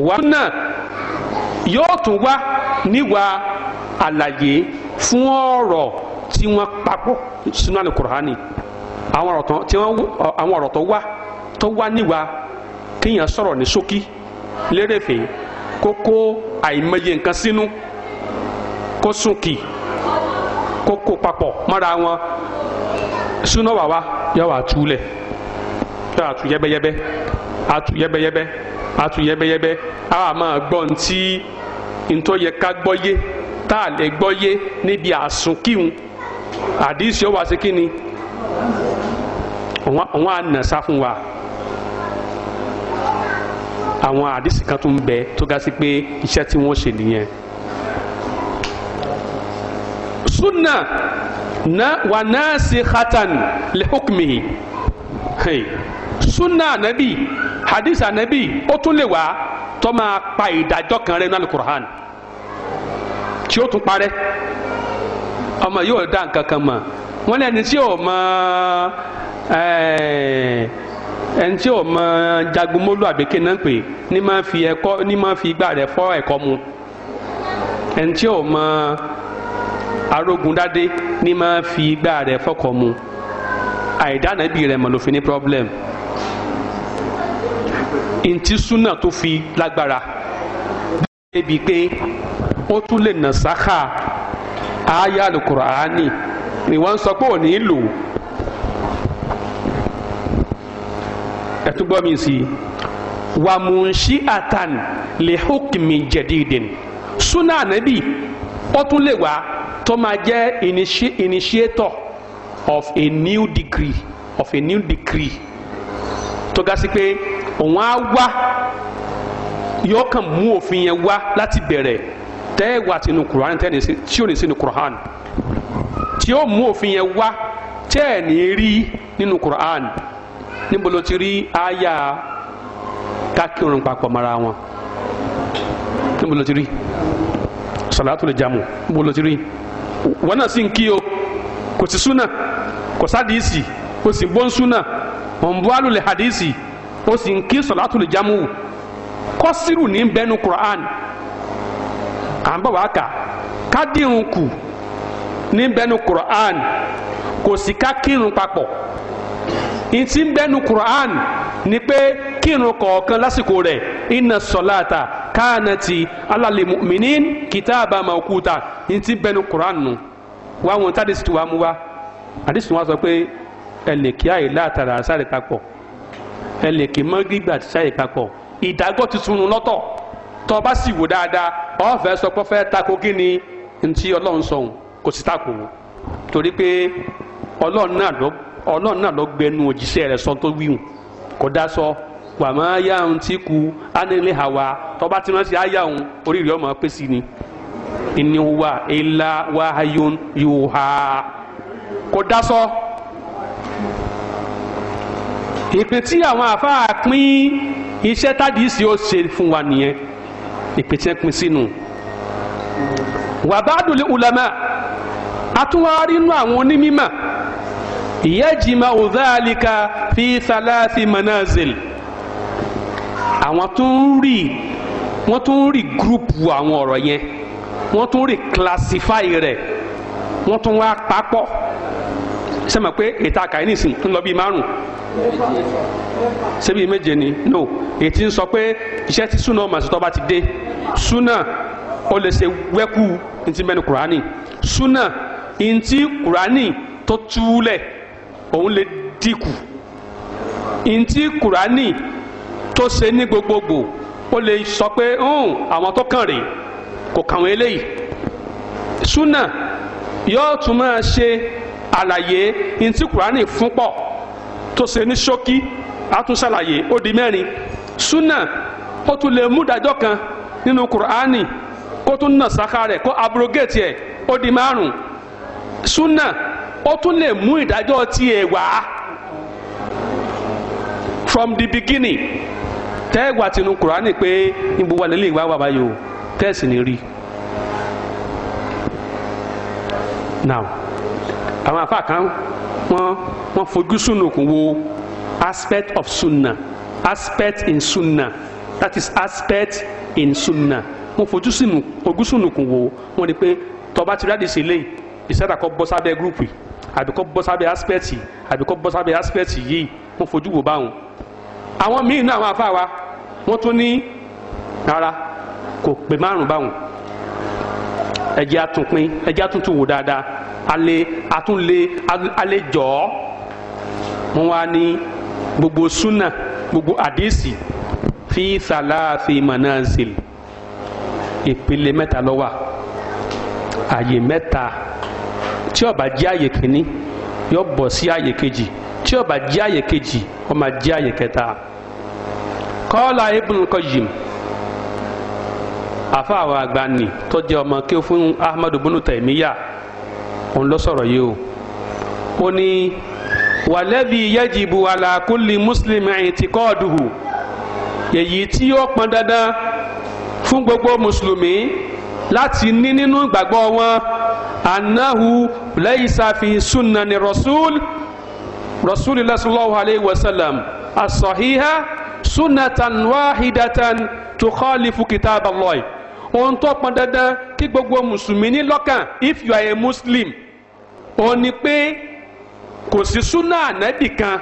wà náà yóò tún wá níwà àlàyé fún ọ̀rọ̀ tí wọ́n papọ̀ sínú àná kùránì àwọn ọ̀rọ̀ tó wá tó wá níwà kéèyàn sọ̀rọ̀ ní ṣókí lérèfé kókó àìmọye nǹkan sínú kó súnkì kó kó papọ̀ mọ́ra wọn súná wàwá yóò wà túlẹ̀ yóò wà tú yẹ́bẹ́yẹ́bẹ́ atu yẹbẹyẹbẹ atu yẹbẹyẹbẹ a máa gbọ́ ntí ntọ́ yẹ ká gbọ́ yé tá a lè gbọ́ yé níbi àsunkíhun àdìsí ọwọ́ àti kíni wọ́n á nà sá fún wa àwọn àdìsí kan tó ń bẹ tó ga sí pé iṣẹ́ tí wọ́n ṣe nìyẹn sunna na wa nasikatan li hukmihi sunna nabi. hadith anabi o tun le wa tó máa pa ìdájọ́ kan rẹ nínú alukur'an tí ó tún parẹ́ ọmọ yóò dá nǹkan kan mọ̀ wọ́n lẹ́ni tí ma mọ ẹni tí o ma eh, jagunmólú àbíké náà pè ní fi ẹ̀kọ́ ní máa fi igbá rẹ̀ fọ́ ẹ̀kọ́ mu ẹni tí ò ma arógundádé ní fi igbá fɔ fọ́kọ̀ mu àìdánàbí rẹ̀ mọ̀ ló fi ní problem. ntí súnà tó fi lágbára débi pé ó tún lè nà sáká àáyá alukur'ani ni wọ́n sọ pé ò ní lò ẹ̀tún gbọ́ mi sí wàmùnsí àtàn lè hókìmì jẹ̀dídìn súnà ànábì ó tún lè wá tó máa jẹ́ initiator of a new degree of a new degree tó ga sí pé òun á wá yóò kàn mú òfin yẹn wá láti bẹ̀rẹ̀ tẹ́ẹ̀wá tinú kùránì tẹ́ẹ̀ tí ò ní sínú kùránì tí ó mú òfin yẹn wá tẹ́ẹ̀ ní rí nínú kùránì níbo ló ti rí àyà kákírun papọ̀ mọ́ra wọn níbo ló ti rí sọ̀látù lè jamu níbo ló ti rí wọn náà sì ń kí o kò sí súnà kò sádìísì kò sí bọ́ńsúnà ọ̀nbọ́àlù lè hadìísì o sì ń kí sọ̀látùlù jámù kọ́sírù ní bẹ́nu Qur'an à ń bọ̀ wá kà kádìrún kù ní bẹ́nu Qur'an kò sí ká kírun papọ̀ ìtì ń bẹ́nu Qur'an ni pé kírun kọ̀ọ̀kan lásìkò rẹ̀ inna sọ̀láta káànàtì alálẹ̀ mu'minin kìtàbà mawquta ìtì bẹ́nu Qur'an nù wá wọn tádìsí tiwa mú wa àdìsí wọn sọ pé ẹnìkíá yìí látara sáré papọ̀ ẹ lè kí mọ́gìrìbì àti ṣáì papọ̀ ìdágọ́ ti sunu lọ́tọ̀ tó o bá sì wò dáadáa o sọ pé fẹ́ tako kí ni ntí ọlọ́run sọ̀hún kò sí tako torí pé ọlọ́run náà lọ ọlọ́run náà lọ gbẹnu òjíṣẹ́ rẹ̀ sọ tó wíwùn kò dá sọ wàmọ́ yá ohun tí ku ánilé hàwa tó bá ti rántí á yá ohun oríire ọmọ pé sí ni ìníwá ilá wáhayón yóò ha kò dá sọ. So, ìpín tí àwọn àfáà pín iṣẹ́ tádìsí ó ṣe fún wa nìyẹn ìpín tí wọ́n pín sínú. wàbádùlẹ̀ ulama atúwárí inú àwọn onímọ̀ ìyẹ́jìmá òzáàlìkà fi sàlásì manazil àwọn tó ń rí wọ́n tó ń rí gúrùpù àwọn ọ̀rọ̀ yẹn wọ́n tó ń rí kílásífáì rẹ̀ wọ́n tó ń wá papọ̀ sẹ́mi pé ètà kàí nìsín ń lọ bíi márùn ṣé bíi méje ni no ètí ń sọ pé iṣẹ́ tí súnà ọmọ àṣetọ́ bá ti dé súnà ó lè ṣe wẹ́kú ntí mẹ́nu kùránì súnà ntí kùránì tó túlẹ̀ òun lè dínkù ntí kùránì tó ṣe ní gbogbogbò ó lè sọ pé àwọn tó kàn rè kò kàwọn eléyìí súnà yóò tún máa ṣe àlàyé ntí kùránì fún pọ̀ tó ṣe ní ṣókí àtúnṣàlàyé ó di mẹ́rin súnà ó tún lè mú dájọ́ kan nínú kùránì kó tún nà sáká rẹ̀ kó abrogate ẹ̀ ó di márùn súnà ó tún lè mú ìdájọ́ tiẹ̀ wá from the beginning tẹ́ẹ̀gbà tinú kùránì pé níbo wà lélẹ̀ ìwà wà báyìí o tẹ́ẹ̀sì ní rí now àwọn afa kan wọ́n wọ́n fojú sunukun wo aspect of sunna aspect in sunna that is aspect in sunna wọ́n fojú sínú ojú sunukun wo wọ́n ní pé tọba ti rádi sílẹ̀ yìí ìṣẹ́ta kọ́ bọ́ sábẹ́ gúrùpù yìí àbí kọ́ bọ́ sábẹ́ aspect yìí àbí kọ́ bọ́ sábẹ́ aspect yìí wọ́n fojú wo báwọn. àwọn míì náà àwọn afa wa wọ́n tún ní rárá kò pé márùn báwọn ẹjẹ́ àtúnpín ẹjẹ́ àtúntún wò dáadáa alẹ́ àtúnlẹ̀ alẹ́ jọ̀ ọ́ wọ́n wá ní gbogbo súnà gbogbo àdìsí fi sàlàsì manazil ìpele mẹ́ta ló wà àyè mẹ́ta tí ó bá jẹ́ àyè kìíní yóò bọ̀ sí àyè kejì tí ó bá àyè kejì ó máa àyè kẹta kọ́lá Ibn Qayyim àfa àwọn àgbàni tó jẹ́ ọmọ kí ó fún ahmadu bunu taimiya òun ló sọ̀rọ̀ yìí o ó ní wàlẹ́bí yẹ́jìbù alákùlì mùsùlùmí àyìntì kọ́ọ̀dùhù èyí tí ó pọn dandan fún gbogbo mùsùlùmí láti ní nínú ìgbàgbọ́ wọn anahu lẹ́yìísàfi sunnani rasul rasulillah sallallahu alayhi wa sallam asọ̀híhá sunnatan wahidatan tukhalifu kitab allah. ohun tó pọn dandan kí gbogbo mùsùlùmí ní lọ́kàn if you are a muslim ó ní pé kò sí súnà ànábì kan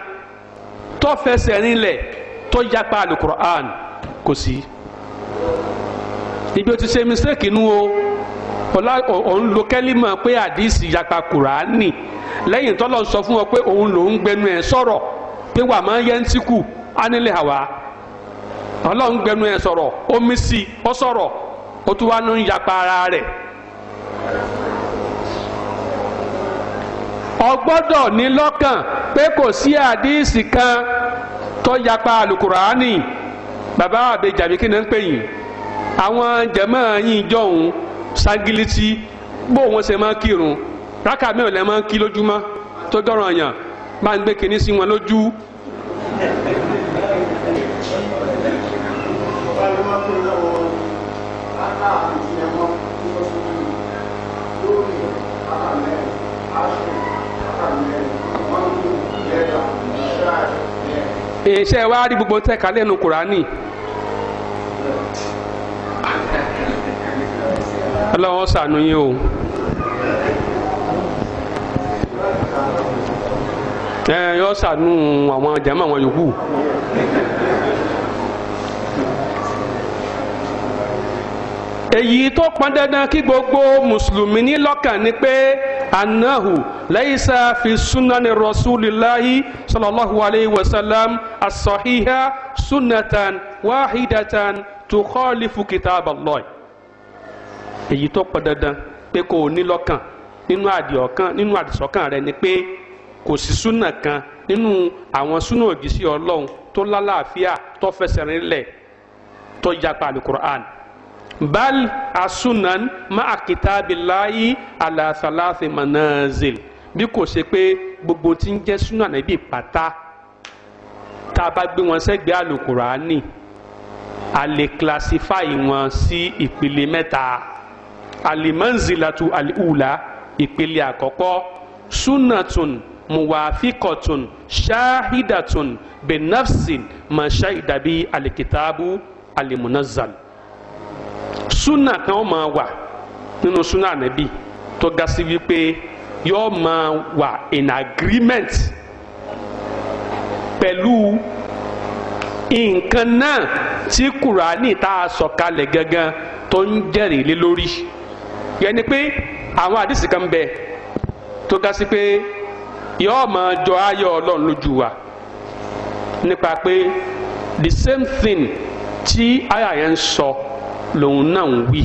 tó fẹsẹ̀ rinlẹ̀ tó yapa alukur'an kò sí ibi o ti ṣe mistake nu o òun lo kẹ́límà pé àdìsí yapa kùránì lẹ́yìn tọ́lọ̀ sọ fún ọ pé òun lòún gbẹnu ẹ̀ sọ̀rọ̀ pé wà máa yẹ ń tíkù ánilẹ̀ àwa ọlọ́run gbẹnu ẹ̀ sọ̀rọ̀ omi sí ọ sọ̀rọ̀ ó tún wá ń yapa ara rẹ̀ ó gbọ́dọ̀ ní lọ́kàn pé kò sí àdíìsì kan tó yapa alukuraani bàbá àbẹjà bí kí ni ń pè yín àwọn jẹ̀mọ́ yín jọ̀hún ságilítì bó wọn ṣe máa kírun rákà mẹ́rin lẹ́ máa ń kí lójúmọ́ tó dọ̀rọ̀ yàn máa ń gbé kinní sí wọn lójú iṣẹ́ wa rí gbogbo tẹ́ka lẹ́nu kùránì ọlọ́wọ́n ṣàánú yín o. ẹ yọ ṣàánú àwọn jàmọ́ àwọn yòókù. èyí tó pọn dandan kí gbogbo mùsùlùmí ní lọ́kàn ni pé annahu laisa fi sunani rasulillahi sallallahu alayhi wa sallam asahiha sunatan wahidatan tukhalifu kitab Allah. èyí tó pọn dandan pé kò ní lọ́kàn nínú àdìọ̀kan nínú àdìsọ́kàn rẹ ni pé kò sí súnà kan nínú àwọn súnà òjíṣẹ́ Ọlọ́run tó lálàáfíà tó fẹsẹ̀ rinlẹ̀ tó yapa alukur'an bal asunan ma'a kitabillahi ala salasi manazil bí kò ṣe pé gbogbo tí ń jẹ́ súnà níbi pátá tá a bá gbé wọn sẹ́gbẹ́ àlùkùránì a lè classify wọn sí ìpele mẹ́ta alimanzilatu aliula ìpele àkọ́kọ́ sunatun muwafikotun shahidatun benafsin mashahidabi alikitabu alimunazal súnà kan ó máa wà nínú súnà ànábì tó ga sí wípé yóò máa wà in agreement pẹ̀lú nǹkan náà tí kùránì tá a sọ̀kalẹ̀ gangan tó ń jẹ́rìí lé lórí yẹn ni pé àwọn àdìsí kan bẹ tó ga sí pé yóò jọ ayọ̀ ọlọ́run lójú wa nípa pé the same thing tí àyà yẹn sọ. So lòun náà ń wí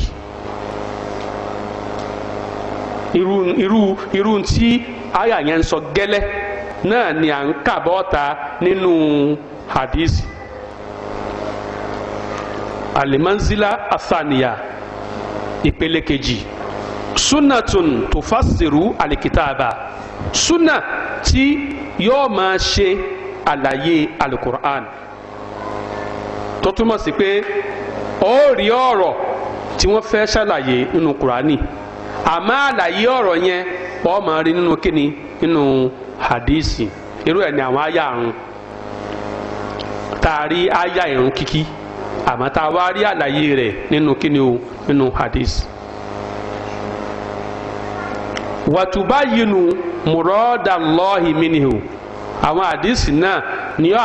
irú irú irú tí àyà yẹn ń sọ gẹ́lẹ́ náà ni à ń kà bọ́ta nínú hadisi alimanzila asaniya ìpele kejì sunnatun tufassiru alikitaaba suna ti yóò máa ṣe àlàyé alukur'an tó túmọ̀ sí pé O rí ọ̀rọ̀ tí wọ́n fẹ́ ṣàlàyé nínú kùránì àmọ́ àlàyé ọ̀rọ̀ yẹn ọ máa rí nínú kíni nínú hadísì irú ẹ̀ ni àwọn àyà àrùn tá rí àyà àmọ́ tá wá rí àlàyé rẹ̀ nínú kíni o nínú hadísì. àwọn hadísì náà ni ó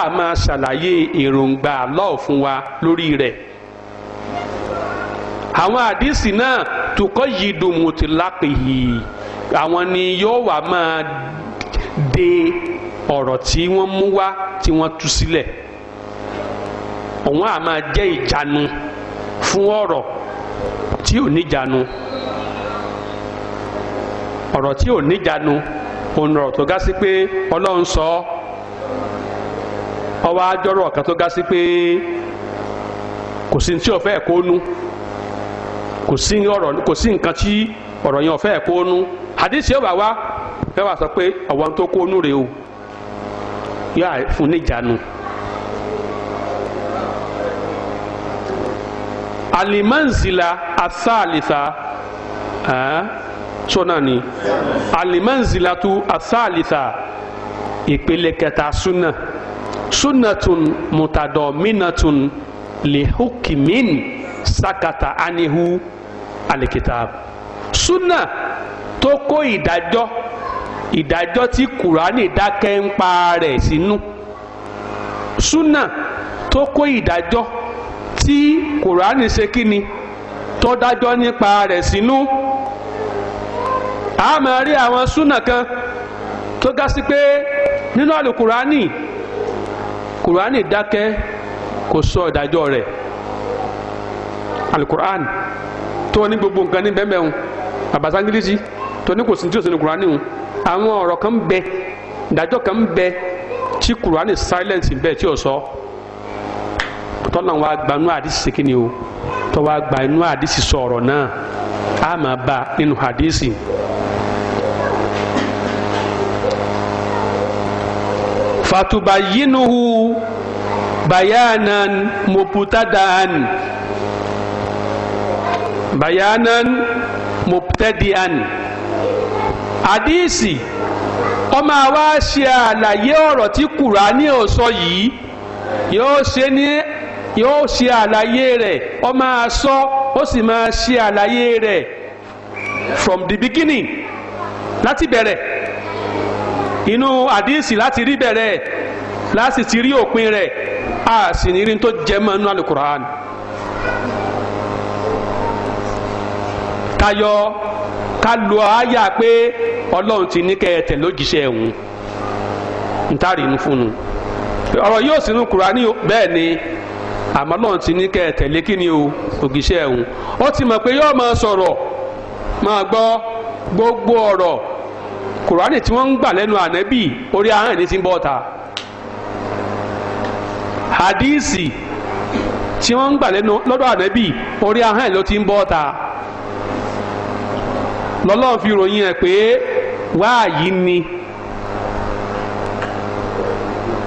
àwọn àdìsí náà tukọ̀ yìí dùnmùtì lápèyí àwọn ni yóò wá máa de ọ̀rọ̀ tí wọ́n mú wá tí wọ́n tú sílẹ̀ òun á máa jẹ́ ìjánu fún ọ̀rọ̀ tí ò níjánu ọ̀rọ̀ tí ò níjánu òun ọ̀rọ̀ tó ga sí pé ọlọ́run sọ ọwọ́ ajọ́rọ̀ kan tó ga sí pé kò sí ní tí ò fẹ́ kó nu. kò sí ọ̀rọ̀ kò sí nǹkan tí ọ̀rọ̀ yẹn ọ̀fẹ́ kó nú àdìsí ọ̀bà wa fẹ́ wàá sọ pé ọ̀wọ́n tó kó nú rèé o yóò fún níjànú. alimanzila asaalisa sọ́nà ni alimanzila tu asaalisa ìpele kẹta súnà súnàtún mutadọ̀ mínàtún lihukimin sakata anihu. alikitab sunna tó kó ìdájọ́ ìdájọ́ tí kùránì dákẹ́ ń pa rẹ̀ sínú sunna tó kó ìdájọ́ tí kùránì ṣe kí ni tó dájọ́ nípa rẹ̀ sínú a máa rí àwọn sunna kan tó ga sí pé nínú àlùkùránì kùránì dákẹ́ kò sọ ìdájọ́ rẹ̀ alukur'an tó gbogbo nǹkan ní bẹ́ẹ̀ mẹ́rin àbàsángílísì tó ní kò sí tí ò ní o àwọn ọ̀rọ̀ kan bẹ ìdájọ́ kan bẹ tí kùránì silence bẹ́ẹ̀ tí ò sọ tọ́lá na gba inú àdìsí sékìní o tọ́ wa gba inú àdìsí sọ̀rọ̀ náà a máa bá àdìsí. bayanan mubtadi'an àdíìsì ó máa ṣe àlàyé ọ̀rọ̀ tí kùránì ò sọ yìí yóò ṣe ní yóò ṣe àlàyé rẹ̀ ó máa sọ ó sì máa ṣe àlàyé rẹ̀ from the beginning láti bẹ̀rẹ̀ inú àdíìsì láti rí bẹ̀rẹ̀ láti ti rí òpin rẹ̀ a sì ní rí tó jẹ́ mọ́ inú àlùkùránì. tayọ ká lo àyà pé ọlọrun ti ní kẹ́ ẹ tẹ̀ lójíṣẹ́ òun ntari ń fún un ọ̀rọ̀ yóò sínú Kùránì bẹ́ẹ̀ ni àmọ́ ọlọrun ti ní kẹ́ ẹ tẹ̀lé kí ni o ògìṣẹ́ òun ó ti mọ̀ pé yóò máa sọ̀rọ̀ máa gbọ́ gbogbo ọrọ. Kùránì tí wọ́n ń gbà lẹ́nu ànẹ́bì orí ahọ́n ní ti ń bọ́ ta hadíìsì tí wọ́n ń gbà lẹ́nu lọ́dọ̀ ànẹ́bì orí ahọ́n ló ti ń bọ́ ta. lọ́lọ́run fi ròyìn ẹ̀ pé wáàyí ni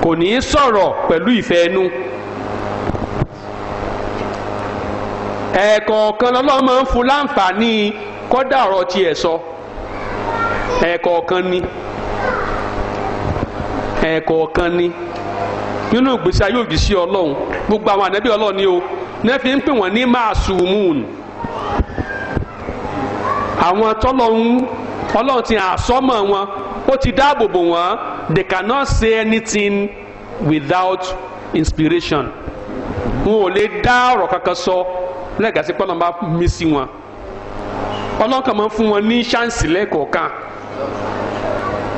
kò ní í sọ̀rọ̀ pẹ̀lú ìfẹ́ ẹnu ẹ̀ẹ̀kọ̀ọ̀kan lọ́lọ́run máa ń fún láǹfààní kọ́dà ọ̀rọ̀ tiẹ̀ sọ ẹ̀ẹ̀kọ̀ọ̀kan ni ẹ̀ẹ̀kọ̀ọ̀kan ni nínú ìgbésí ayé òjì sí ọlọ́run gbogbo àwọn ànábì ọlọ́run ni o fi ń pè wọ́n ní máa sùn àwọn tọ́lọ́hún ọlọ́run ti àsọ́mọ̀ wọn ó ti dáàbò bò wọ́n they cannot say anything without inspiration wọn ò lè dá ọ̀rọ̀ kankan sọ lẹ́gàsí pọ́nlọ́n bá mí sí wọn ọlọ́run kan máa ń fún wọn ní ṣáǹsì lẹ́ẹ̀kọ̀ọ̀kan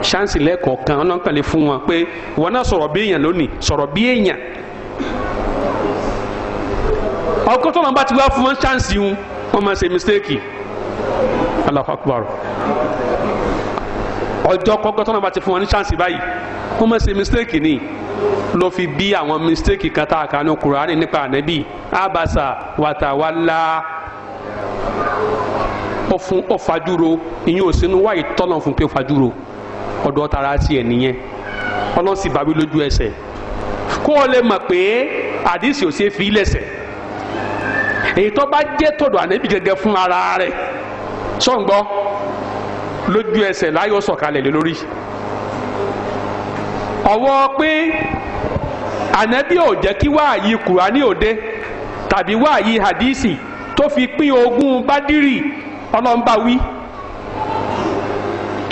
ṣáǹsì lẹ́ẹ̀kọ̀ọ̀kan ọlọ́run kan lè fún wọn pé ìwọ náà sọ̀rọ̀ bí èèyàn lónìí sọ̀rọ̀ bí èèyàn ọkọ tọ́lọ́n bá ti wá fún wọn ṣáǹsì wọn wọ́n máa ṣe mistake Allahu Akbar ọjọ́ kọ́gbọ́n tọ́nà bá ti fún wọn ní chance báyìí wọ́n mọ̀ sí mistake ni ló fi bí àwọn mistake kan tá a kà ní Kùránì nípa ànẹ́bí abasa watawala, ó fún ó fajúro ìyẹn ò sínú wáyé tọ́nà fún pé ó fajúro ọ̀dọ́ tara tiẹ̀ nìyẹn ọlọ́run sì bàbí lójú ẹsẹ̀ kó o lè mọ̀ pé àdìsí ò ṣe fi lẹ́sẹ̀ èyí tó bá jẹ́ tọ̀dọ̀ ànẹ́bí gẹ́gẹ́ fún ara rẹ̀ sọ̀ǹgbọ́ lójú ẹsẹ̀ láyọ̀ sọ̀kalẹ̀ lé lórí ọwọ́ pé ànábì ò jẹ́ kí wáàyí kùránì òde tàbí wáàyí hadísì tó fi pín ogún bádìrì ọlọ́mbàwí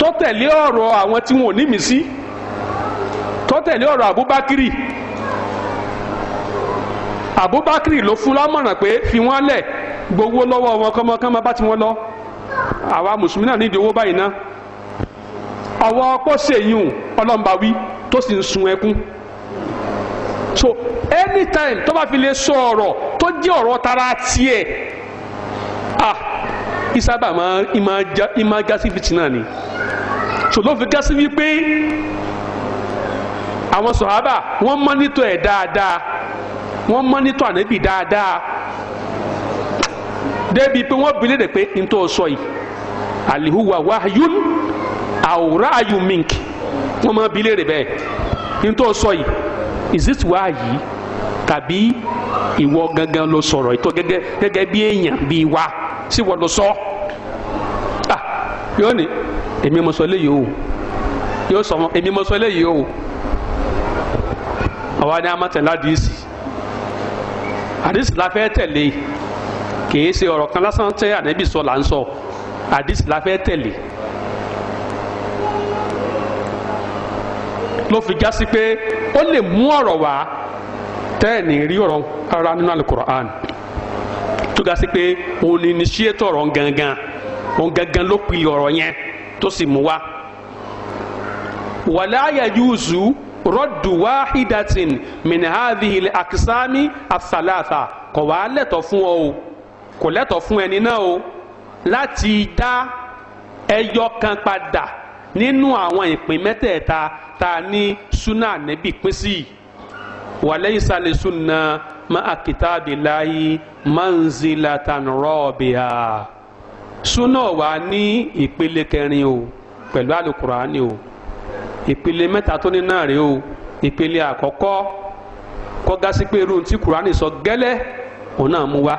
tó tẹ̀lé ọ̀rọ̀ àwọn tí wọn ò ní mí sí tó tẹ̀lé ọ̀rọ̀ Abubakiri Abubakiri ló fún lámọ̀ràn pé fi wọ́n lẹ̀ gbowó lọ́wọ́ wọn kọ́mọkọ́mọ bá ti wọ́n lọ àwa mùsùlùmí náà nídìí owó báyìí ná ọwọ́ pọ́sẹ̀ yìí ọlọ́mba wí tó sì ń sun ẹkún so anytime tó bá fi lè sọ ọ̀rọ̀ tó jẹ́ ọ̀rọ̀ tara tiẹ̀ ah ìsábà máa gásí fìtínà ni so ló fi gásí wípé àwọn sọ̀hábà wọ́n mọ́nítọ̀ ẹ̀ dáadáa wọ́n mọ́nítọ̀ ànábì dáadáa débi pé wọ́n bilé de pé n tó sọ yìí alihuwa wahyun awura ayumink wọ́n máa bilé de bẹ́ẹ̀ n tó sọ yìí is it wahyi tàbí ìwọ gangan ló sọ̀rọ̀ ìtọ́ gẹ́gẹ́ gẹ́gẹ́ bí èèyàn bí wa sí wọ́n lọ sọ ah yóò ní èmi mo sọ léyìí o yóò sọ mọ èmi mo sọ léyìí o àwa ni a máa tẹ̀lé àdìsí àdìsí la fẹ́ tẹ̀lé kìí ṣe ọ̀rọ̀ kan lásán tẹ́ ànábì sọ là ń sọ àdìsí la fẹ́ tẹ̀lé ló fi já sí pé ó lè mú ọ̀rọ̀ wá tẹ́ẹ̀nì rí ọ̀rọ̀ rárá nínú alukur'an tó ga sí pé òun ni initiator ọ̀rọ̀ gangan òun gangan ló pilẹ̀ ọ̀rọ̀ yẹn tó sì mú wá wàlá yàjúùsù rọ́dù wáhídàtìn mìnhàdìhìl àkísámi àsàlàtà kọ̀wá lẹ́tọ̀ fún ọ o kò lẹ́tọ̀ fún ẹni náà o láti dá ẹyọ kan padà nínú àwọn ìpín mẹ́tẹ̀ẹ̀ta tá a ní súnà nẹ́bì pín sí i wàlẹ́ ìsàlẹ̀ súnà máa kitabillahi manzilatan rabi'a súnà wà ní ìpele kẹrin o pẹ̀lú alukurani o ìpele mẹ́ta tó ní náà rèé o ìpele àkọ́kọ́ kọ́gá pé irú tí kurani sọ gẹ́lẹ́ òun náà mú wá.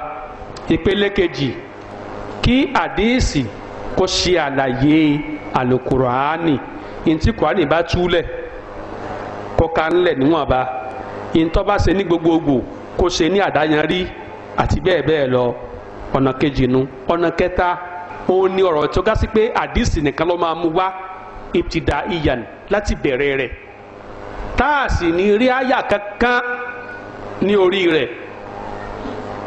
ìpele kejì kí àdéhìsì kò ṣe àlàyé àlùkùránì ntí kùránì bá túlẹ̀ kó ka ńlẹ̀ níwọ̀nba ntọ́ bá ṣe ní gbogbogbò kó ṣe ní àdáyanrí àti bẹ́ẹ̀ bẹ́ẹ̀ lọ ọ̀nà kejì nu ọ̀nà kẹta òun ni ọ̀rọ̀ tó ga sí pé àdìsí nìkan ló máa mú wá ìbtìdá ìyàn láti bẹ̀rẹ̀ rẹ̀ tá a sì ní rí àyà kankan ní orí rẹ̀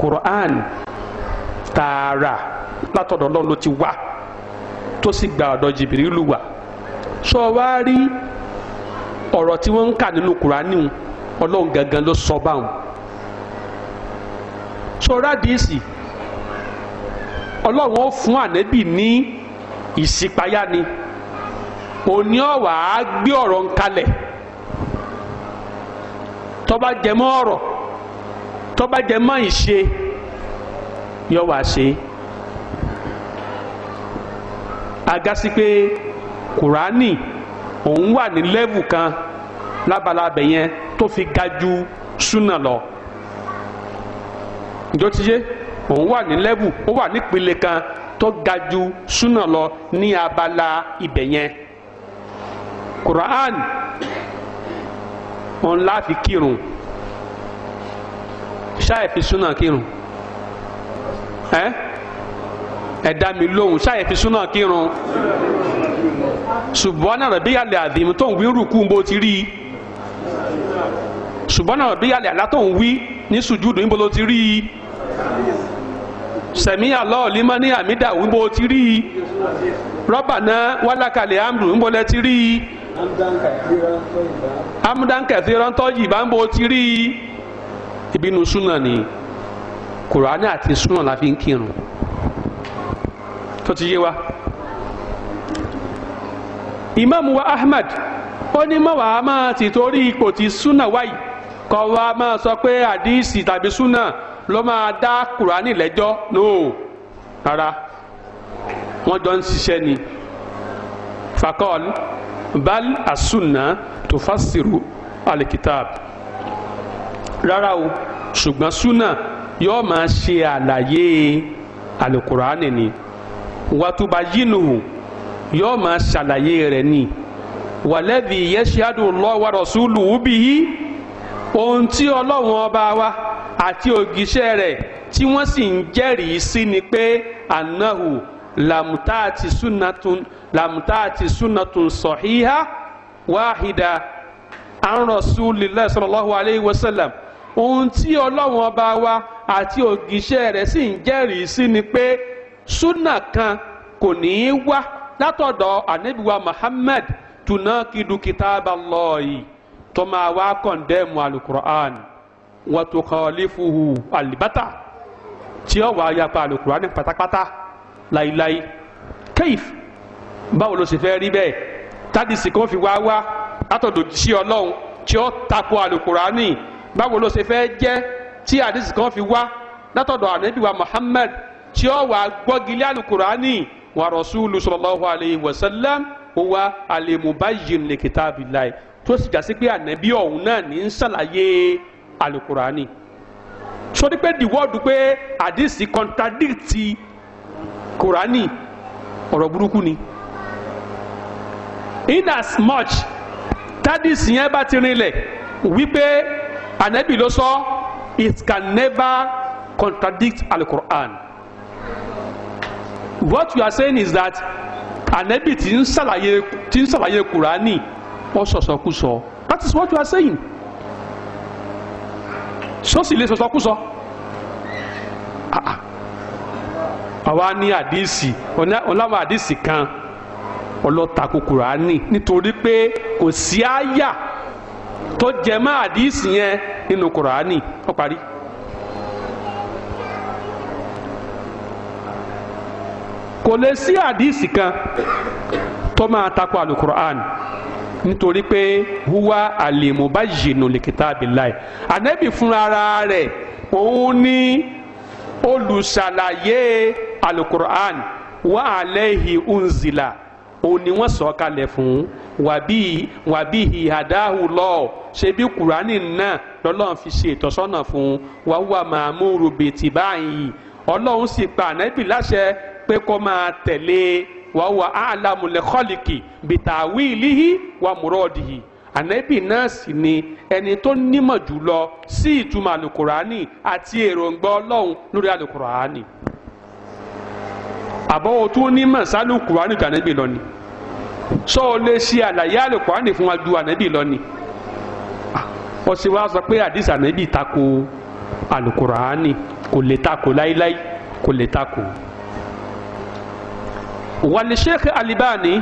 quran taara látọ̀dọ̀ ọlọ́run ló ti wá tó sì gba ọ̀dọ̀ jìbìrìlù wá sọ wá rí ọ̀rọ̀ tí wọ́n ń kà nínú kùránì ọlọ́run gangan ló sọ báwọn sọ rádìísì ọlọ́run ó fún ànẹ́bì ní ìṣípayá ni òní ọ̀wà á gbé ọ̀rọ̀ ń kalẹ̀ tó bá jẹ mọ́ ọ̀rọ̀ tó bá jẹ mọ́ ìṣe yọ wá ṣe agasi pé kùránì òun wà ní lẹ́vù kan lábala abẹ yẹn tó fi ga ju súnà lọ ǹjọ́ ti yé òun wà ní lẹ́vù ó wà nípele kan tó ga ju súnà lọ ní abala ibẹ̀ yẹn kùránì òun láfi kírun. ṣáà fi súnà kírun ẹ ẹ dá mi lóhùn ṣáà fi súnà kírun subhana tó ń wí rúkú bó ti rí subhana rabbiyal àlá tó ń wí ní sùjúdù níbo ló ti rí sẹ̀mí àlọ́ liman ní àmídà wí ti rí níbo ti rí rántọ́ yìí bá ń ti rí. ibi inú súnà ni kùránì àti súnà la fi ń kírun tó ti yé wa ìmáàmù wa Ahmad ó ní mọ̀ wàá máa ti torí ipò tí súnà wáyìí kọ́ wa máa sọ pé àdìsí tàbí súnà ló máa dá kùránì lẹ́jọ́ nóò rárá wọ́n jọ ń ṣiṣẹ́ ni fakọ́ọ̀lù bal àsùnà tó fásirù alikitab rárá o ṣùgbọ́n súnà yóò máa ṣe àlàyé alukur'ani ni wàtúbà yínuhu yóò máa ṣàlàyé rẹ̀ ni wàlẹ́bí yẹ́ṣíádù lọ́wọ́ rọ̀ṣúlù bíi ohun tí ọlọ́run ọba wa àti ògìṣẹ́ rẹ̀ tí wọ́n sì ń jẹ́rìí sí ni pé anahu lamtaati sunnatun lamtaati sunnatun sọ̀híhá wáhídà an rọ̀ṣúlù lẹ́sọ̀rọ̀ lọ́wọ́ aleyhi wa sallam ohun tí ọlọ́run ọba wa àti ògìṣẹ́ rẹ̀ sì ń jẹ́rìí sí ni pé súnà kan kò ní í wá látọ̀dọ̀ ànábìwá Muhammad tùnà kìdù kìtàbà lọ́ọ̀yì tó máa wá kọ̀ǹdẹ́mù alukur'an wọ́n tó kọ́ lífuhu alibata tí ó wàá pa alukur'an pátápátá láíláí kéif báwo ló sì fẹ́ rí bẹ́ẹ̀ tádìsì kan fi wá wá látọ̀dọ̀ sí ọlọ́run tí ó tako alukur'ani báwo ló ṣe fẹ́ jẹ́ tí àdìsí kan fi wá látọ̀dọ̀ ànábì wa Muhammad tí ó wà gbọ́gilé alukurani wa rasulu sallallahu alayhi wa sallam ó wá alimubayin li kitabillahi tó sì jásí pé ànábì ọ̀hún náà ní ń ṣàlàyé alukurani sọdí pé diwọ́ọ̀dù pé àdìsí kọ́ntradíktì kurani ọ̀rọ̀ burúkú ni in as much tádìsí yẹn bá ti rinlẹ̀ wípé anabi ló sọ it can never contradict al-Quran what you are saying is that anabi ti ń ṣàlàyé ti ń ṣàlàyé Qurani ó sọ̀sọ̀kúsọ that is what you are saying sọ́sì lè sọ̀sọ̀kúsọ àwa ní àdìsí ọ̀làwọn àdìsí kan ọlọ́ta kò Qurani nítorí pé kò sí àyà. tó jẹ mọ́ àdìsí yẹn nínú kùránì ó parí. kò lè sí àdìsí kan tó máa takò alukur'an nítorí pé huwa likita likitabilayi anabi fúnra re òun ni olùṣàlàyé alukur'an wa alehi unzila òun ni wọ́n sọ kalẹ̀ fún wàbí wàbí ìhàdáhù lọ ṣe bí kùránì náà lọ́lọ́run fi ṣe ìtọ́sọ́nà fún wàhùwà màmúrù bètì báyìí ọlọ́run sì pa ànábì láṣẹ pé kó máa tẹ̀lé e. wàhùwà àlàmùlẹ̀ kọ́lìkì bìtàwí ìlíhí wà múrọ́ọ̀dìhì ànábì náà sì ni ẹni tó nímọ̀ jùlọ sí ìtumọ̀ àlùkùránì àti èròǹgbà ọlọ́run lórí àlùkùránì àbọ̀ o tún ní mọ̀sálù kùránì ju ànábì lọ ni sọ o lè ṣe àlàyé àlè kùránì fún wa ju ànábì lọ ni ó ah, sì wá sọ pé àdìsí ànábì tako àlùkùránì kò lè tako láíláí kò lè tako. wàlí sheikh alibani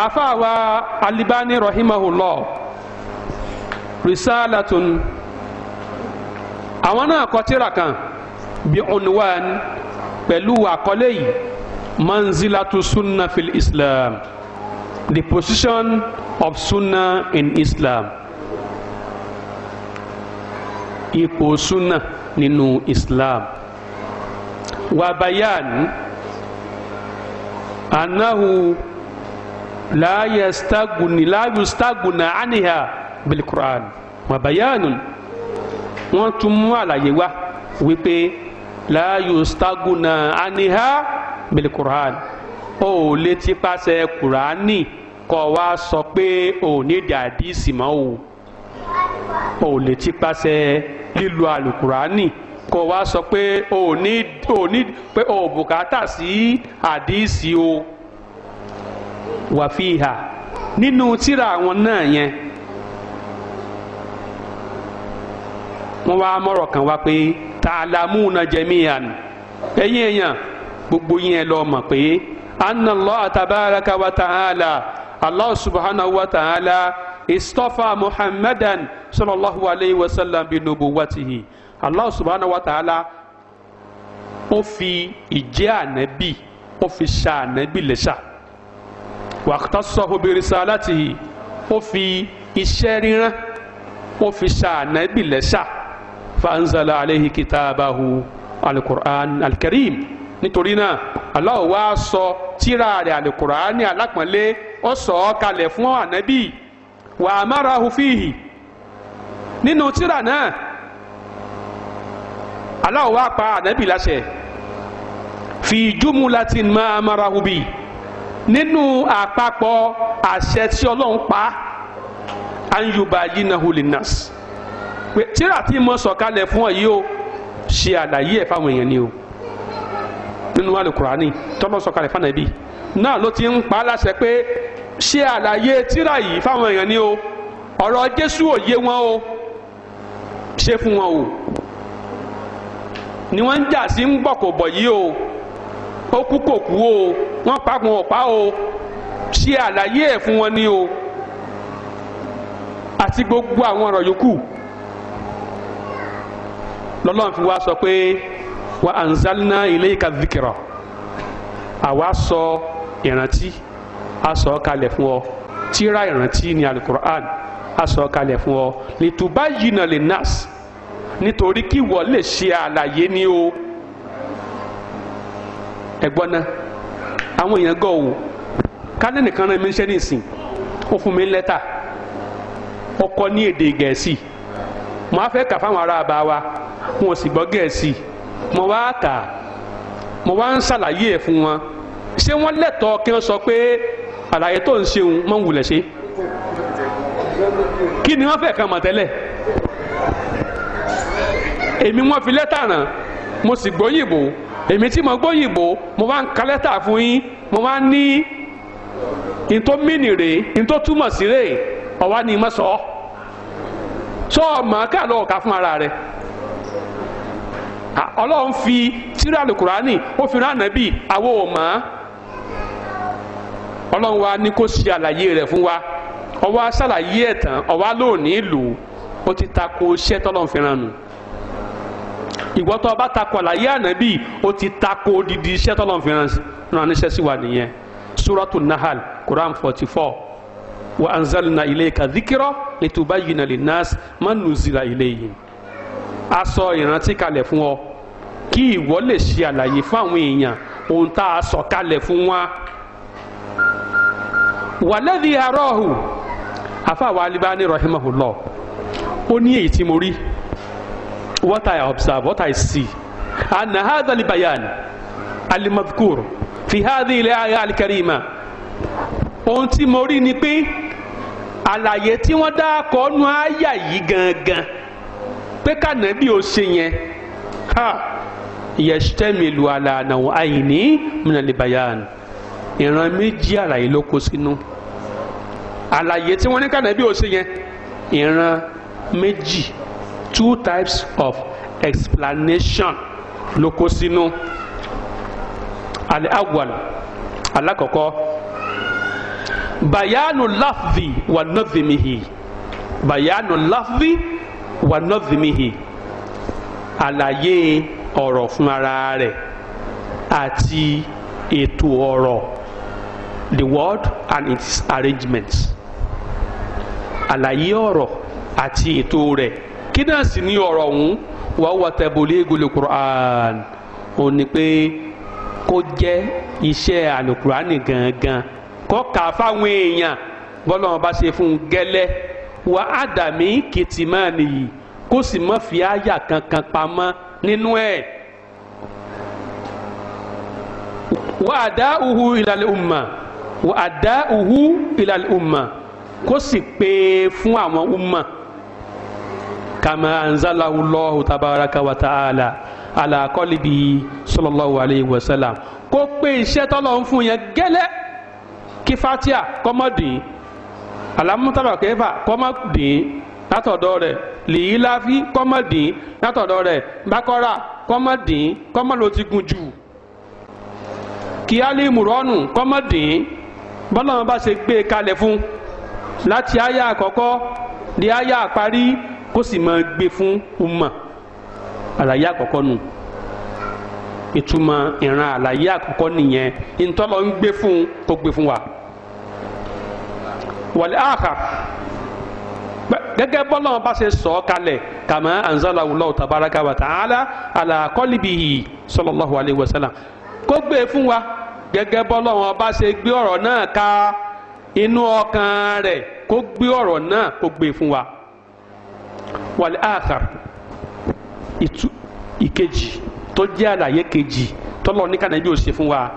àáfàá wa alibani rahimahullah risalatun àwọn náà kọ tírà kan bí unwan pẹ̀lú àkọlé yìí manzilatu sunna fil islam the position of sunna in islam ipò sunna nínú islam wa bayan anahu la yastaguni la yustaguna aniha bil quran wa bayanun tún mú àlàyé wá wípé la yustaguna aniha bil Qur'an o lè ti pàṣẹ Qur'ani kọ wá sọ pé o ní di àdìsí mọ́ o o lè ti pàṣẹ lílo alukurani kọ wá sọ pé o ní o ní pé o bùkátà sí àdìsí o wàfíhà nínú tírà àwọn náà yẹn wọ́n wá mọ̀rọ̀ kan wá pé ta'lamuna jami'an ẹ̀yin èèyàn gbogbo yín ẹ lọ mọ̀ pé anna Allah tabaraka wa ta'ala Allah subhanahu wa ta'ala istafa Muhammadan sallallahu alayhi wa sallam bi nubuwatihi Allah subhanahu wa ta'ala ó fi ìjẹ́ ànábì ó fi ṣa ànábì lẹ́ṣà wàtásọ̀hó birisalatihi ó fi iṣẹ́ ríran ó fi ṣa ànábì lẹ́ṣà fanzala aleyhi kitaabahu alukur'an alikarim nítorí náà Allah wá sọ tírà rẹ̀ alukur'ani alápọ̀nlé ó sọ ọ́ kalẹ̀ fún ànábì wa amarahu fihi nínú tírà náà Allah wá pa ànábì láṣẹ fi jumulatin ma amarahu bi nínú àpapọ̀ àṣẹ tí ọlọ́run pa an yubayinahu linnas pé tíra tí mo sọ̀kalẹ̀ fún ọ yìí o ṣe àlàyé ẹ̀ fáwọn èèyàn ni o nínú alukurani tọ́lọ́ sọ̀kalẹ̀ fún ànábì náà ló ti ń pa á láṣẹ pé ṣe àlàyé tíra yìí fáwọn èèyàn ni o ọ̀rọ̀ Jésù ò yé wọn o ṣe fún wọn o ni wọ́n ń jà sí ń gbọ̀kọ̀bọ̀ yìí o ó kú kò kú o wọ́n pa kún ọ̀pá o ṣe àlàyé ẹ̀ fún wọn ni o àti gbogbo àwọn ọ̀rọ̀ yòókù lọ́lọ́run fi wá sọ pé wa anzalna ilayka dhikra àwa sọ ìrántí a kalẹ̀ fún ọ tírà ìrántí ní alukur'an a kalẹ̀ fún ọ litubayyina linnas nítorí kí wọ́n lè ṣe àlàyé ni o ẹ̀gbọ́n náà àwọn èèyàn gọ̀ o kálẹ̀ nìkan náà mi ń ṣe nísìn ó fún mi lẹ́tà ó kọ ní èdè gẹ̀ẹ́sì mo wá fẹ́ kà fáwọn ará bá wa wọn ò sì gbọ́ gẹ̀ẹ́sì mo wá kà mo wá ń ṣàlàyé ẹ̀ fún wọn ṣé wọ́n lẹ́tọ̀ọ́ kí wọ́n sọ pé àlàyé tó ń ṣeun mọ́ ń wulẹ̀ ṣe kí ni wọ́n fẹ́ kàn mọ̀ èmi wọ́n fi lẹ́tà ràn mo sì gbóyìnbó èmi tí mo gbóyìnbó mo wá ń ka lẹ́tà fún yín mo wá ní ntó mínì rèé ntó túmọ̀ sí rèé ọ̀wá ni mo sọ ọ́. sọ ọmọ ká lọ ọ̀ka fún ara rẹ? ọlọ́run fi tírà alukurani ó fi rán awo àwọn ọmọ ọlọ́run wa ní kó ṣe àlàyé rẹ̀ fún wa ọwọ́ aṣàlàyé ẹ̀tàn ọwọ́ alóòní ìlú ó ti tako iṣẹ́ tọ́lọ́run fi rán nu ọba tako àlàyé ànábì ó ti odidi tọ́lọ́run nahal quran forty wa anzalna ilayka dhikra litubayyina linnas ma nuzila ilayhim a sọ ìrántí kalẹ̀ fún ọ kí ìwọ lè ṣe àlàyé fáwọn èèyàn ohun tá a sọ kalẹ̀ fún wa. wàlẹ́dí arọ́hù àfàwọ̀ alibani rahimahullah ó ní èyí tí mo rí what i observe what i see anna hadha libayan alimadkur fi hadhi ilẹ̀ ohun tí mo rí ni pé àlàyé tí wọ́n dá akọ àyà yìí gangan pé kànábì ò ṣe yẹn ha yẹsítẹ́mìlú àlànà àyìní múnalibayan ìran méjì àlàyé ló kó sínú àlàyé tí wọ́n ní kànábì ò ṣe yẹn ìran méjì two types of explanation ló kó sínú al-awwal bayanu lafzi wa nọ́zìmìhì bayanu lafzi wa nọ́zìmìhì àlàyé ọ̀rọ̀ fún ara rẹ̀ àti ètò ọ̀rọ̀ the word and its arrangement àlàyé ọ̀rọ̀ àti ètò rẹ̀ kí náà sì ní ọ̀rọ̀ ọ̀hún wàá wà tẹ̀bọ̀lì egolo Qur'an ó pé kó jẹ́ iṣẹ́ alukurani gangan kọ́ kà fáwọn èèyàn bọ́lọ́wọ́n bá ṣe fún un gẹ́lẹ́ wà á dà nìyí kó sì má fi àyà kankan pamọ́ nínú ẹ̀ wà á dá uhu ìlàlẹ̀ umma wà á dá uhu ìlàlẹ̀ umma kó sì pé fún àwọn umma kàmá anzala lọ́hu tabaraka wa ta'ala alakọ́libi sallallahu alayhi wa sallam kó pé iṣẹ́ tọ́lọ́ ń fún yẹn gẹ́lẹ́. Kifatia fatia kọ́mọ́ dín alamutala kẹfà kọ́mọ́ dín látọ̀dọ̀ rẹ̀ lèyíláfi kọ́mọ́ dín látọ̀dọ̀ rẹ̀ bákọ́ra kọ́mọ́ dín kọ́mọ́ ló ti gùn jù kíálí mùrọ́nù kọ́mọ́ dín bọ́lọ́mọ bá ṣe gbé e kalẹ̀ fún láti àyà àkọ́kọ́ di àyà àparí kó sì máa gbé e fún umma àlàyé àkọ́kọ́ nù ìtumọ̀ ìran àlàyé àkọ́kọ́ nìyẹn ìtọ́lọ ń gbé fún kó gbé fún wa wal akhar gẹ́gẹ́ bọ́lá wọn bá ṣe sọ ọ́ kalẹ̀ kàmá anzalahu tabaraka wa ta'ala ala qalbihi sallallahu alayhi wa sallam kó gbé e fún wa gẹ́gẹ́ bọ́lá wọn bá ṣe gbé ọ̀rọ̀ náà ka inú ọkàn rẹ̀ kó gbé ọ̀rọ̀ náà kó gbé e fún wa wal ìkejì tó jẹ́ àlàyé kejì tọ́lọ́ ní kànáyé ò ṣe fún wa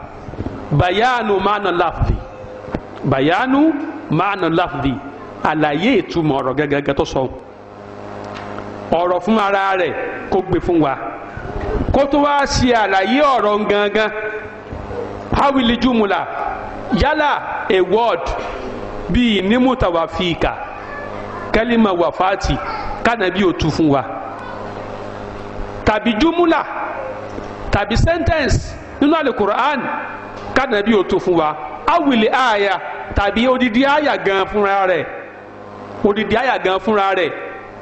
bayanu ma'na lafzi bayanu. máàna láfìdí àlàyé ìtumọ̀ ọ̀rọ̀ gẹ́gẹ́gẹ́ tó sọ ọ̀rọ̀ fún ara rẹ̀ kó gbé fún wa kó tó wá ṣe àlàyé ọ̀rọ̀ gangan hawili jumula yálà a word bíi nímùtàwá fìkà kẹ́límà wàfáàtì kánàbí bi otu fún wa tàbí jumula tàbí sentence nínú àlùkùránì kánàbí ò tu fún wa awìlì àyà. tàbí odidi àyà gan fúnra rẹ̀ odidi àyà gan fúnra rẹ̀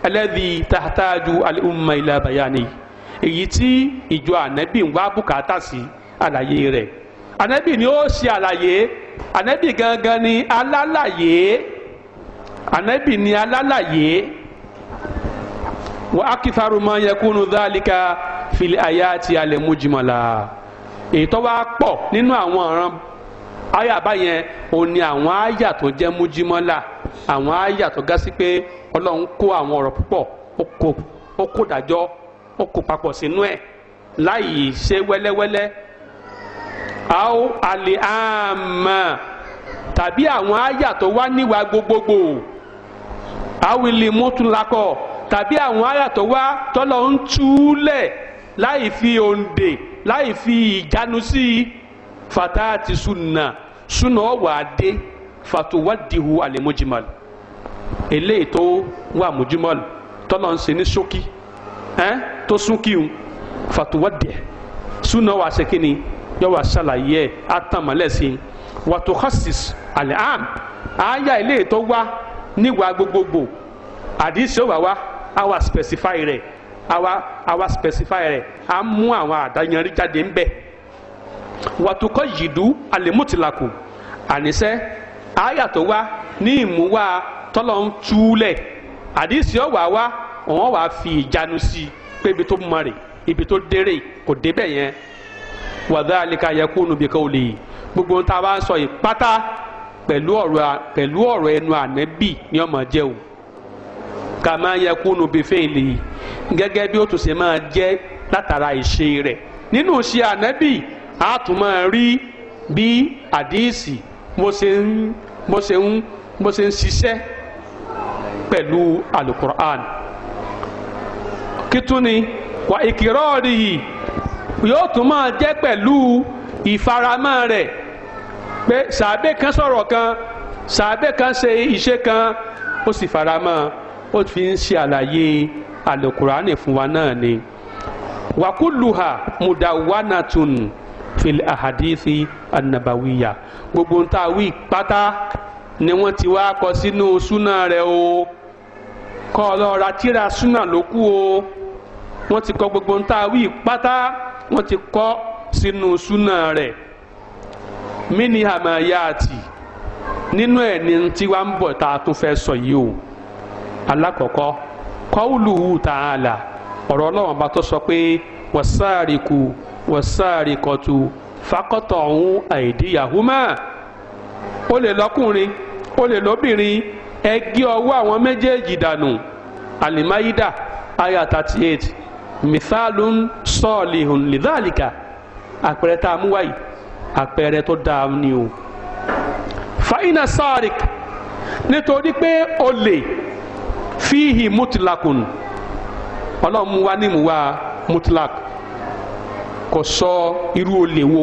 alladhi tahtaju al-umma ila bayani èyí tí ìjọ ànábì ń wá bùkátà sí àlàyé rẹ̀ ànábì ni ó ṣe àlàyé ànábì gangan ni alálàyé ànábì ni alálàyé wa akitharu ma yakunu dhalika fil ayati al-mujmala èyí tó wá pọ̀ nínú àwọn ọ̀ràn Aya báyẹn òun ni àwọn àyà tó jẹ́ mújímọ́là àwọn àyà tó ga sí pé ọlọ́run kó àwọn ọ̀rọ̀ púpọ̀ ó kó dájọ́ ó kó papọ̀ sínú ẹ̀ láì ṣe wẹ́lẹ́wẹ́lẹ́ àó àlè àmà tàbí àwọn àyà tó wá níwà gbogbogbò àwìlì mútúnlákọ̀ tàbí àwọn àyà tó wá tọ́lọ̀ ń túlẹ̀ láì fi òǹdè láì fi ìjánu sí i fata ti sunna sunna ọwọ dihu fatuwadihu alimujimal eléyìí tó wà mujimal tọ́lọ̀ ń ṣe ní ṣókí ẹ́n tó súnkì wa fatuwadẹ sunna wà ṣe kíni yọ wà watu ẹ̀ àtàmọ́lẹ́sìn wàtúkọ́sìs àlẹ́hàm àáyá eléyìí tó wá níwà gbogbogbò àdìsí ó wà wá awa specify rẹ̀ àwa àwa specify rẹ̀ á mú àwọn àdáyanrí jáde ń bẹ̀. watukɔ yidu alimutilaku anisɛ ayatɔ wa ni imuwa tɔlɔn tuulɛ adisiyɔ wa wa wɔn wa fi janu si pe ibi to mari ibi to dere ko debɛ yɛ wadɔ alika yakunu bi kaw le ye gbogbo n ta b'a sɔ yi pata pɛlu ɔrɔ pɛlu ɔrɔ ɛnu anɛ bi ni ɔma jɛ o kama yakunu bi fɛn le ye gɛgɛ bi otu tu se ma jɛ latara ise rɛ si anɛ bi. a tún máa rí bí àdíìsì bó ṣe ń bó ṣe ń bó ṣe ń ṣiṣẹ́ pẹ̀lú alukur'an kìtúni wà ìkìrọ́ọ̀rì yìí yóò tún máa jẹ́ pẹ̀lú ìfaramọ́ rẹ̀ pé sàbẹ̀ kan sọ̀rọ̀ kan sàbẹ̀ kan ṣe iṣẹ́ kan ó sì faramọ́ ó fi ń ṣe àlàyé alukur'an fún wa náà ni wàkúlùhà mùdàwánàtún fil ahadithi annabawiya gbogbo ń ta wí pátá ni wọ́n ti wá kọ sínú súnà rẹ̀ o kọ́ ọ lọ ra tíra súnà ló kù o wọ́n ti kọ gbogbo ń ta wí pátá wọ́n ti kọ sínú súnà rẹ̀ mini hamayaati nínú ẹ̀ ni tí wàá ń bọ̀ tá a tún fẹ́ o alákọ̀ọ́kọ́ kọ́wùlù wù tààlà ọ̀rọ̀ ọlọ́wọ́n bá tó sọ pé wasaariku wọ́sáàrì kọ̀tù fakọ́tọ̀ ọ̀hún àìdíyàhúmá ó lè lọ́kùnrin ó lè lóbìnrin ẹ gé ọwọ́ àwọn méjèèjì dànù alimayida aya thirty eight mithalun sọ́ọ̀lìhùn lidhalika àpẹẹrẹ tá a mú wáyìí àpẹẹrẹ tó dáa ni o fàyínà sáàrìk nítorí pé olè fíhì mutlakun ọlọ́run wa ní ìmúwa mutlak kò sọ irú olè wo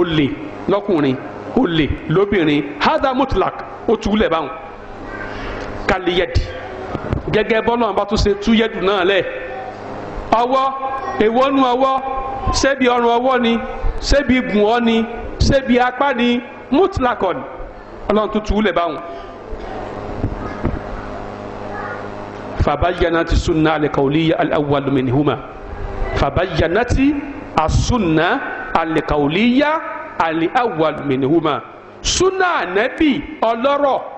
olè lọ́kùnrin olè lóbìnrin hada mutlak ó tu lẹ̀ báwọn kàlíyẹ̀dì gẹ́gẹ́ bọ́lá wọn bá tún ṣe túyẹ̀dù náà lẹ̀ ọwọ́ èwo nu ọwọ́ ṣébi ọrùn ọwọ́ ni ṣébi gùn ọ́ ni ṣébi apá ni mutlak ọ̀nì ọlọ́run tún tu lẹ̀ báwọn. fàbáyé náà ti sunna alẹ́ kàwé al-awwal minhuma fabayanati asunna alikauliya aliawalminihuma sunna anabi ọlọ́rọ̀